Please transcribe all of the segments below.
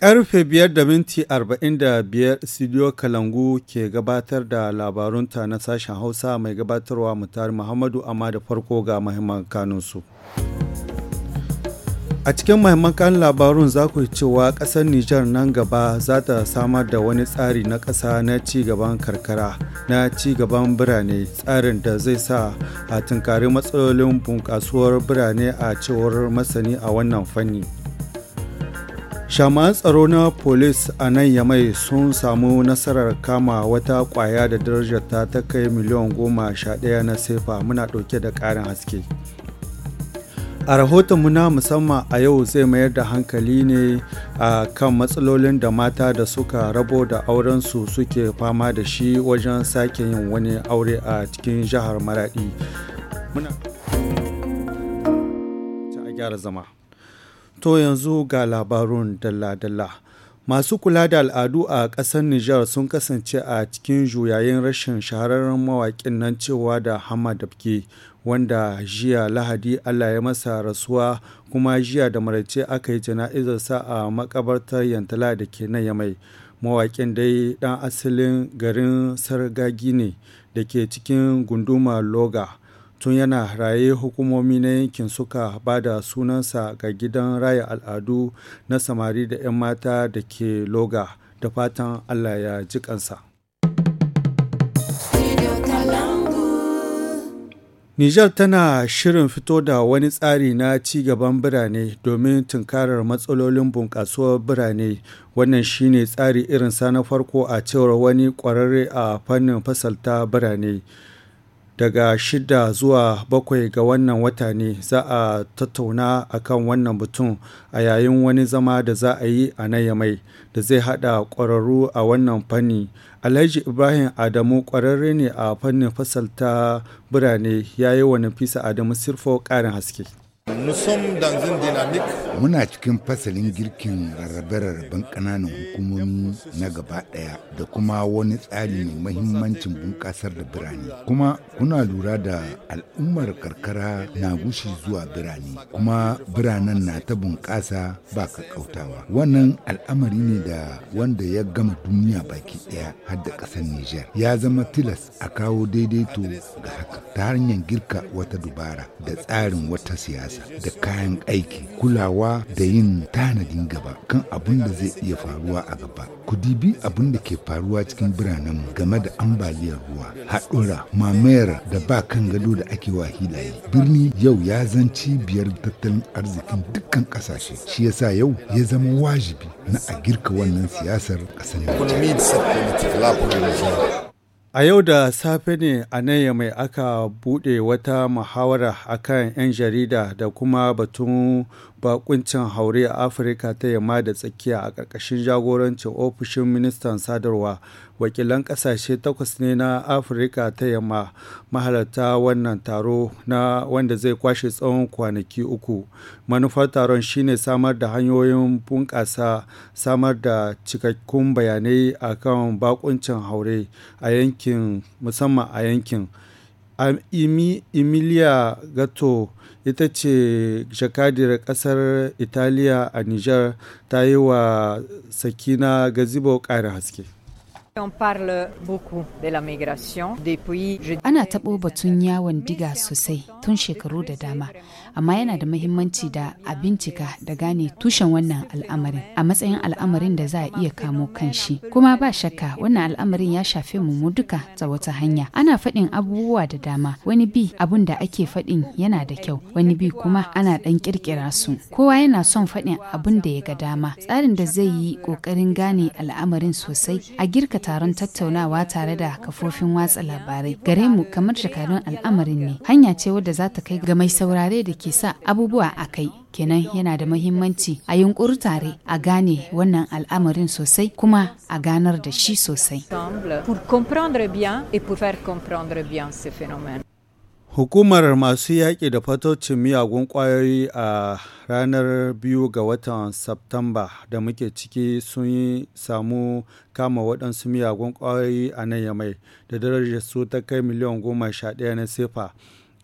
Karfe biyar da Studio Kalangu ke gabatar da labarunta na sashen Hausa mai gabatarwa mutari Muhammadu amma da farko ga mahimman kanunsu. A cikin mahimman labarun za ku cewa ƙasar Nijar nan gaba za ta samar da wani tsari na ƙasa na cigaban karkara na cigaban birane tsarin da zai sa a tunkari matsalolin bunƙasuwar birane a cewar masani a wannan fanni. Shaman tsaro na polis a nan yamai sun samu nasarar kama wata kwaya da darajar ta ta kai miliyan goma sha ɗaya na sefa muna ɗauke da ƙarin haske. A rahotonmu na musamman a yau zai mayar da hankali ne a kan matsalolin da mata da suka rabo da aurensu suke fama da shi wajen sake yin wani aure a cikin jihar Maraɗi. Muna gyara zama. To yanzu ga labarun dalla-dalla. Masu kula da al'adu a ƙasar Nijar sun kasance a cikin juyayin rashin shahararren mawaƙin nan cewa da Hamad Dabke, wanda jiya Lahadi Allah ya masa rasuwa kuma jiya da marace aka yi jana'izarsa a makabartar Yantala da ke na Yamai. Mawaƙin dai ɗan asalin garin Sargagi ne da ke cikin gunduma Loga. tun yana raye hukumomi na yankin suka ba da sunansa ga gidan raya al'adu na samari da 'yan mata da ke loga da fatan allah ya ji kansa Nijar tana shirin fito da wani tsari na ci gaban birane domin tunkarar matsalolin bunƙasuwar birane. Wannan shine tsari irin sa na farko a cewar wani ƙwararre a fannin fasalta birane. daga shida zuwa bakwai ga wannan wata ne za a tattauna akan wannan batun a yayin wani zama da za a yi a na yamai da zai hada ƙwararru a wannan fanni alhaji ibrahim adamu ƙwararre ne a fannin fasalta birane ya yi wa nafisa adamu sirfo karin haske Muna cikin fasalin girkin rarrabe-rarraben ƙananan hukumomi na gaba ɗaya da kuma wani tsari mai mahimmancin bunƙasar da birane. Kuma kuna lura da al'ummar karkara na gushi zuwa birane, kuma biranen na ta bunƙasa ba ka ƙautawa. Wannan al'amari ne da wanda ya gama duniya baki ɗaya har da ƙasar Nijar. Ya zama tilas a kawo daidaito ga haka ta hanyar girka wata dubara da tsarin wata siyasa. da kayan aiki kulawa da yin tanadin gaba kan abin da zai iya faruwa a gaba ku dibi abin da ke faruwa cikin biranenmu game da ambaliyar ruwa haɗura mamayar da ba kan gado da ake wa hilaye birni yau ya zan cibiyar tattalin arzikin dukkan ƙasashe shi ya sa yau ya zama wajibi na a girka wannan siyasar ƙasar A yau da safe ne a nan mai aka buɗe wata muhawara akan 'yan jarida da kuma batun bakuncin haure a afirka ta yamma da tsakiya a ƙarƙashin jagorancin ofishin ministan sadarwa wakilan ƙasashe takwas ne na afirka ta yamma mahalarta wannan taro na wanda zai kwashe tsawon kwanaki uku manufar taron shine samar da hanyoyin bunƙasa samar da cikakkun bayanai akan bakuncin haure a yankin musamman a yankin emilia gato ita ce jakadiyar kasar italiya a niger ta yi wa sakina gazebo ƙarin haske Ana taɓo batun yawon diga sosai tun shekaru da dama, amma yana da mahimmanci da a bincika da gane tushen wannan al'amarin a matsayin al'amarin da za a iya kamo kanshi, Kuma ba shakka wannan al'amarin ya shafe mu mu duka ta wata hanya. Ana faɗin abubuwa da dama, wani bi abun da ake faɗin yana da kyau, wani bi kuma ana ɗan ƙirƙira su. Kowa yana son faɗin abun da ya ga dama, tsarin da zai yi ƙoƙarin gane al'amarin sosai a girkata taron tattaunawa tare da kafofin watsa labarai gare mu kamar jakadun al'amarin ne hanya ce wadda za ta kai ga mai saurare da ke sa abubuwa a kai kenan yana da mahimmanci a yunkuri tare a gane wannan al'amarin sosai kuma a ganar da shi sosai. Hukumar masu yaƙi da fatocin miyagun ƙwayoyi a ranar biyu ga watan Satumba da muke ciki sun yi samu kama waɗansu miyagun ƙwayoyi a nan yamai da darajar su ta kai miliyan goma sha ɗaya na sefa.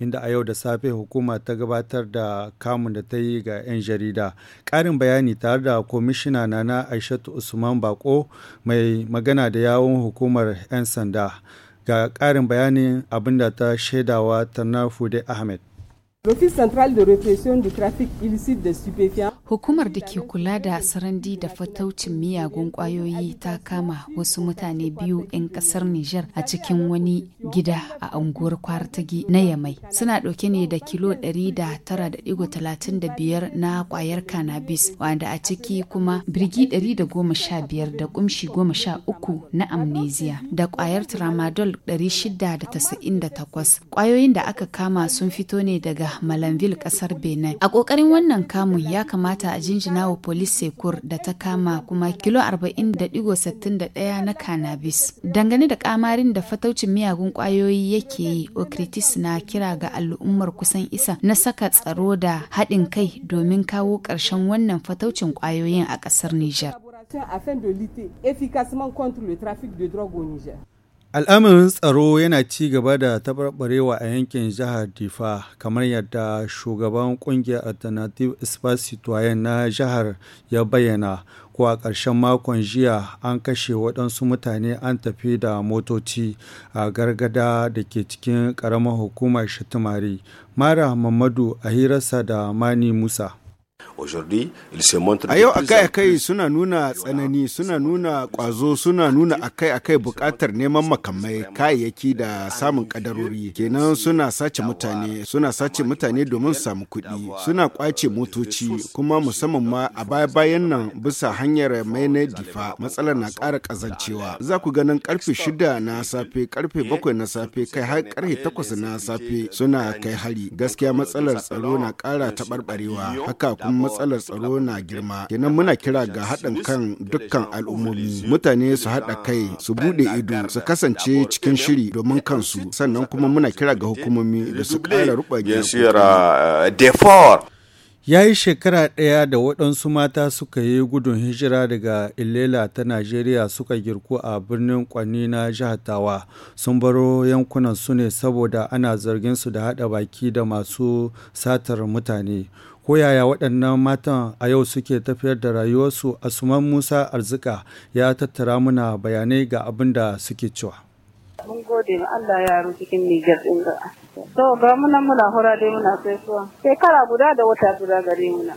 inda a yau da safe hukuma ta gabatar da kamun da ta yi ga 'yan jarida ƙarin bayani tare da kwamishina na aishatu usman bako mai magana da yawon hukumar 'yan sanda ga ƙarin bayanin abinda ta shaidawa tarna fude ahmed Hukumar da ke kula da sarandi da fataucin miyagun kwayoyi ta kama wasu mutane biyu 'yan kasar Nijar a cikin wani gida a unguwar Kwartagi na Yamai. Suna ɗauke ne da kilo 935 na kwayar cannabis wanda a ciki kuma birgi 115 da kumshi 13 na amnesia da kwayar tramadol 698. Kwayoyin da aka kama sun fito ne daga Malanville kasar Benin. A kokarin wannan kamun ya kamata a jinjina wa Police Secours da ta kama kuma kilo 40.61 na cannabis. Dangane da kamarin da fataucin miyagun kwayoyi yake yi, Okritis na kira ga al'ummar kusan isa na saka tsaro da haɗin kai domin kawo ƙarshen wannan fataucin kwayoyin a ƙasar Nijar. afin de lutter efficacement trafic de drogue au Niger. Al'amarin tsaro yana ci gaba da tabarbarewa a yankin jihar Difa kamar yadda shugaban kungiyar Alternative Espace Citoyen na jihar ya bayyana ko a ƙarshen makon jiya an kashe waɗansu mutane an tafi da motoci a gargada da ke cikin ƙaramar hukumar Shatumari. Mara Mamadu a hirarsa da Mani Musa. A yau akai-akai suna nuna tsanani, suna nuna ƙwazo, suna nuna akai-akai buƙatar neman makamai, kayayyaki da samun kadarori. Kenan suna sace mutane, suna sace mutane domin samu kuɗi, suna kwace motoci, kuma musamman ma a baya-bayan nan bisa hanyar mai na difa matsalar na ƙara ƙazancewa. Za ku ganin karfe shida na safe, ƙarfe bakwai na safe, kai har ƙarfe takwas na safe suna kai hari. Gaskiya matsalar tsaro na ƙara taɓarɓarewa. Haka kuma matsalar tsaro na girma kenan muna kira ga haɗin kan dukkan al'ummomi mutane su haɗa kai su buɗe ido su kasance cikin shiri domin kansu sannan kuma muna kira ga hukumomi da su ƙara ruɓa euh, ya yi shekara ɗaya da waɗansu mata suka yi gudun hijira daga ilela ta najeriya suka girku a birnin kwanni na jihar tawa sun baro yankunan su ne saboda ana zargin su da haɗa baki da masu satar mutane ko yaya waɗannan matan a yau suke tafiyar da rayuwarsu asuman musa arzika ya tattara muna bayanai ga abin da suke cewa mun gode ma Allah yaro cikin Niger din ga. To ga muna muna hura dai muna sai suwa. Shekara guda da wata guda gare mu na.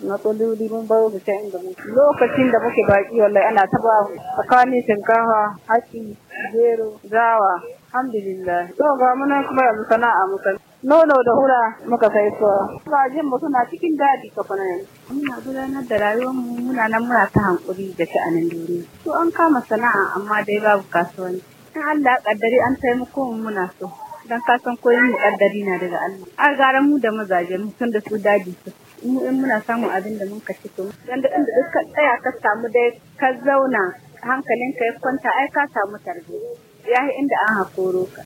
Na mun baro mu sai inda muke. Lokacin da muke baki wallahi ana taba tsakanin shinkafa, haki, gero, dawa. Alhamdulillah. To ga muna kuma yanzu sana'a musamman. nono da hura muka kai su ba jin mu suna cikin ka kafanan muna gudanar da rayuwar mu muna nan muna ta hankuri da sha'anin duniya to an kama sana'a amma dai babu kasuwanci in Allah kaddari an taimako mu muna so dan ka san koyon mu kaddari na daga Allah a gara mu da mazaje mu tun da su daji su mu in muna samun abin da mun ci to dan da inda duk tsaya ka samu dai ka zauna hankalinka ya kwanta ai ka samu tarbiyya. ya inda an hakoro ka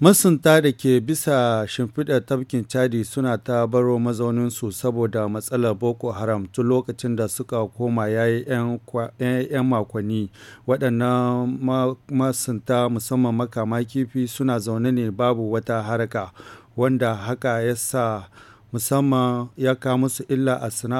masunta da ke bisa shimfiɗar tafkin chadi suna ta baro mazauninsu saboda matsalar boko haram tun lokacin da suka koma yayi 'yan makonni waɗannan masunta musamman makama kifi suna zaune ne babu wata haraka wanda haka ya sa musamman ya kawo musu illa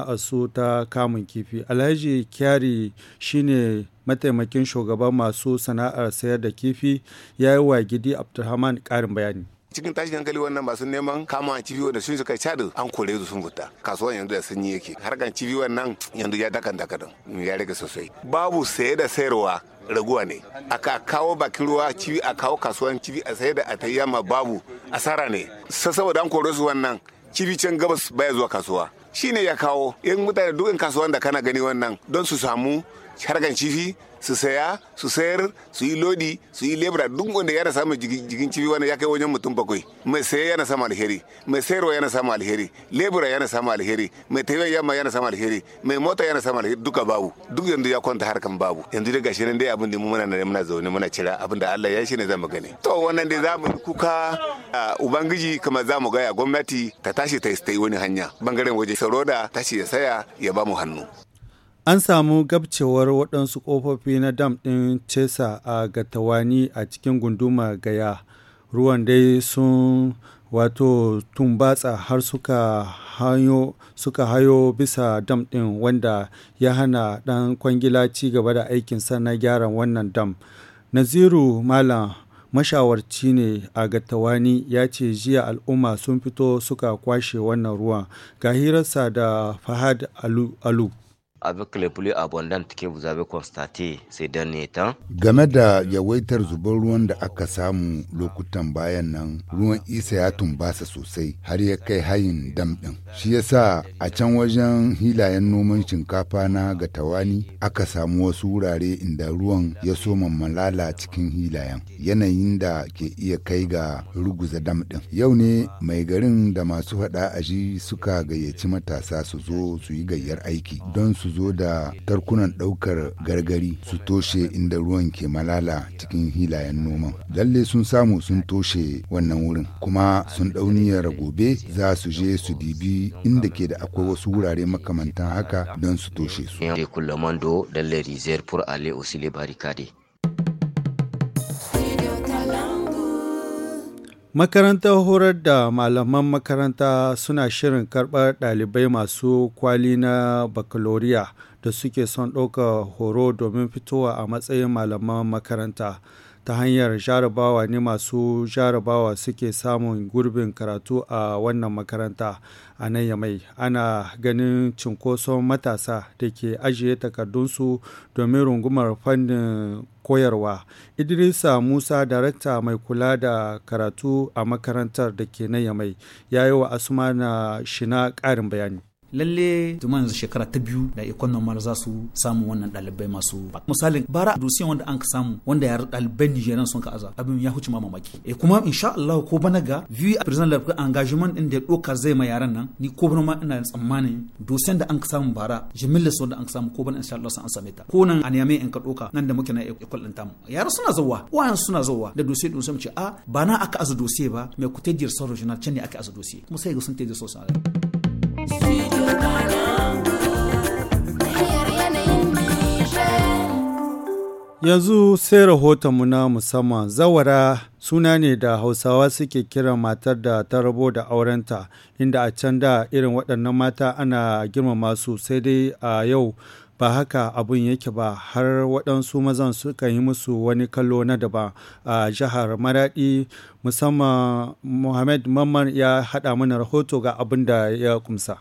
a su ta kamun kifi alhaji kyari shine mataimakin shugaban masu sana'ar sayar da kifi ya yi wa gidi abdulrahman ƙarin bayani cikin tashin hankali wannan masu neman kama cibi da sun suka cadu an kore su sun fita kasuwan yanzu da sanyi yake harkan cibi nan yanzu ya dakan dakadan ya rage sosai babu saye da sayarwa raguwa ne aka kawo bakin ruwa cibi a kawo kasuwan cibi a sayar da a tayyama babu asara ne saboda an kore su wannan cibi can gabas baya zuwa kasuwa shine ya kawo yan mutane duk kasuwan da kana gani wannan don su samu shargan cifi su saya su sayar su yi lodi su yi lebra duk wanda yana samun jikin cifi wanda ya kai wajen mutum bakwai mai saya yana samun alheri mai sayarwa yana samun alheri lebra yana samun alheri mai taiwan yamma yana samun alheri mai mota yana samun alheri duka babu duk yanzu ya kwanta harkan babu yanzu da gashi nan dai abin da mu muna nan muna zaune muna cira abin da Allah ya shi ne zamu gani to wannan dai zamu kuka ubangiji kamar zamu ga ya gwamnati ta tashi ta yi wani hanya bangaren waje saroda tashi ya saya ya ba mu hannu An samu gabcewar waɗansu ƙofofi na dam ɗin Cesa a Gatawani a cikin gunduma Gaya. Ruwan dai sun wato tumbatsa har suka hayo, suka hayo bisa dam ɗin wanda ya hana ɗan kwangila ci gaba da aikin na gyaran wannan dam. Naziru Malam mashawarci ne a Gatawani ya ce jiya al'umma sun fito suka kwashe wannan ruwan. Ga hirarsa da Fahad Alu. alu. avec les pluies abondantes que vous avez constatées ces Game da yawaitar zubar ruwan da aka samu lokutan bayan nan ruwan isa ya tumbasa sosai har ya kai hayin dam din. Shi yasa a can wajen hilayen noman shinkafa na ga tawani aka samu wasu wurare inda ruwan ya soma malala cikin hilayen yanayin da ke iya kai ga ruguza dam din. Yau ne mai garin da masu faɗa aji suka gayyaci matasa su zo su yi gayyar aiki don su zo da tarkunan daukar gargari su toshe inda ruwan ke malala cikin hilayen noman. Lalle sun samu sun toshe wannan wurin kuma sun ɗauniyar gobe za su je su dibi inda ke da akwai wasu wurare makamantan haka don su toshe su. Makarantar horar da malaman makaranta suna shirin karɓar ɗalibai masu kwali na bakaloriya da suke son ɗaukar horo domin fitowa a matsayin malaman makaranta. ta hanyar jarabawa ne masu jarabawa suke samun gurbin karatu a wannan makaranta a nan yamai ana ganin cinkoson matasa da ke ajiye takardunsu domin rungumar fannin koyarwa idrisa musa darakta mai kula da karatu a makarantar da ke nan yamai ya yi wa asuma na shina ƙarin bayani lalle tuma yanzu shekara ta biyu da ikon economar za su samu wannan dalibai masu misalin bara dusiyan wanda an ka samu wanda ya dalibai nigerian sun ka aza abin ya huce ma mamaki e kuma insha Allah ko bana ga vi a president lafiya engagement din da ya ɗoka zai ma yaran nan ni ko bana ma ina tsammanin dusiyan da an ka samu bara jimillar sau da an ka samu ko bana insha Allah sun an same ta ko nan a niyame in ka doka nan da muke na ikon din tamu yaran suna zuwa wayan suna zuwa da dosiye dosiye mu ce a ah, bana aka aza dosiye ba mai ku tejiyar sauran can ne aka aza dosiye kuma sai ga sun tejiyar sauran Yanzu sai rahotonmu na musamman zawara suna ne da hausawa suke kiran matar da ta rabo da aurenta inda a can da irin waɗannan mata ana girmama su sai dai a yau ba haka abun yake ba har waɗansu mazan suka yi musu wani kallo na daban. a jihar maradi musamman mohamed mamman ya haɗa mana rahoto ga abin da ya kumsa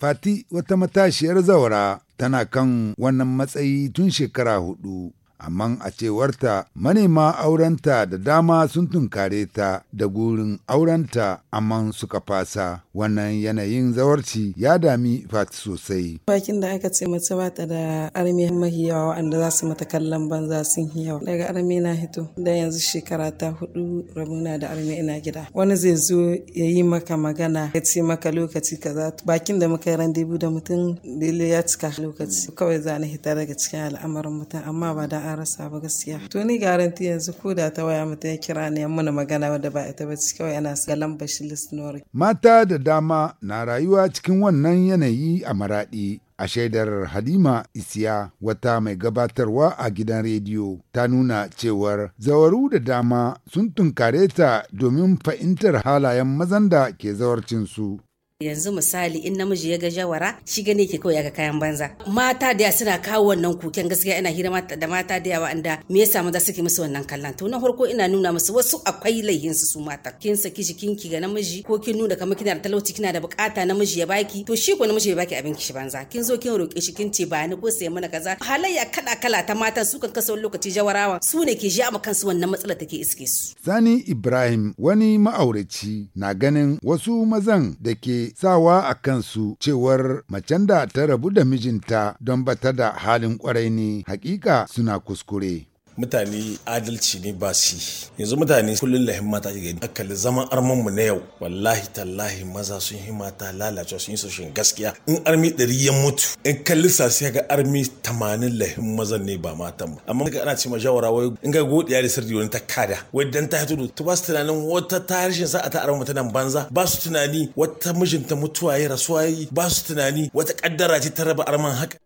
fati wata matashiyar zawara tana kan wannan matsayi tun shekara hudu amma a cewarta manema aurenta da dama sun tunkare ta da gurin aurenta amma suka fasa wannan yanayin zawarci ya dami fati sosai. Bakin da aka ce mace ba ta da armi mahiyawa wanda za su mata kallon banza sun hiyawa daga armi na hito da yanzu shekara ta hudu rabuna da armi ina gida wani zai zo ya yi maka magana ya ce maka lokaci kaza bakin da muka yi randebu da mutum dole ya cika lokaci kawai za ni hita daga cikin al'amarin mutum amma ba da a rasa ba gaskiya to ni garanti yanzu ko da ta waya mutum ya kira ne yan muna magana wadda ba ita ba ci kawai yana sa lambar lisnori mata da dama na rayuwa cikin wannan yanayi a maraɗi a shaidar halima isiya wata mai gabatarwa a gidan rediyo ta nuna cewar zawaru da dama sun tunkare ta domin fahimtar halayen mazan da ke zawarcinsu yanzu misali in namiji ya ga jawara shi gane ke kawai ga kayan banza mata da suna kawo wannan kuken gaskiya ina hira da mata da yawa inda me yasa maza suke musu wannan kallon to na farko ina nuna musu wasu akwai laihin su su mata kin saki shi kinki ga namiji ko kin nuna kamar kina da talauci kina da bukata namiji ya baki to shi ko namiji ya baki abin ki shi banza kin zo kin roke shi kin ce ba ni ko sai mana kaza halayya kala kala ta mata su kan kasa lokaci jawarawa su ne ke ji amma kansu wannan matsala take iske su sani ibrahim wani ma'auraci na ganin wasu mazan da ke sawa a kansu cewar macen da ta rabu da mijinta don bata da halin kwarai ne hakika suna kuskure. mutane adalci ne ba su yanzu mutane kullum lahin mata ke gani akalli zaman arman mu na yau wallahi tallahi maza sun yi mata lalacewa sun yi soshin gaskiya in armi ɗari ya mutu in sa sai ga armi tamanin lahin mazan ne ba matan ba amma ana ce jawara wai in ga godiya da sirri wani ta kada wai dan ta tudu ta ba su tunanin wata tarishin sa'a ta arma nan banza ba su tunani wata mijinta mutuwa ya rasuwa yi ba su tunani wata kaddara ce ta raba arman haka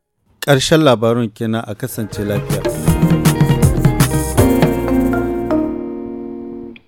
ƙarshen labarin kenan a kasance lafiya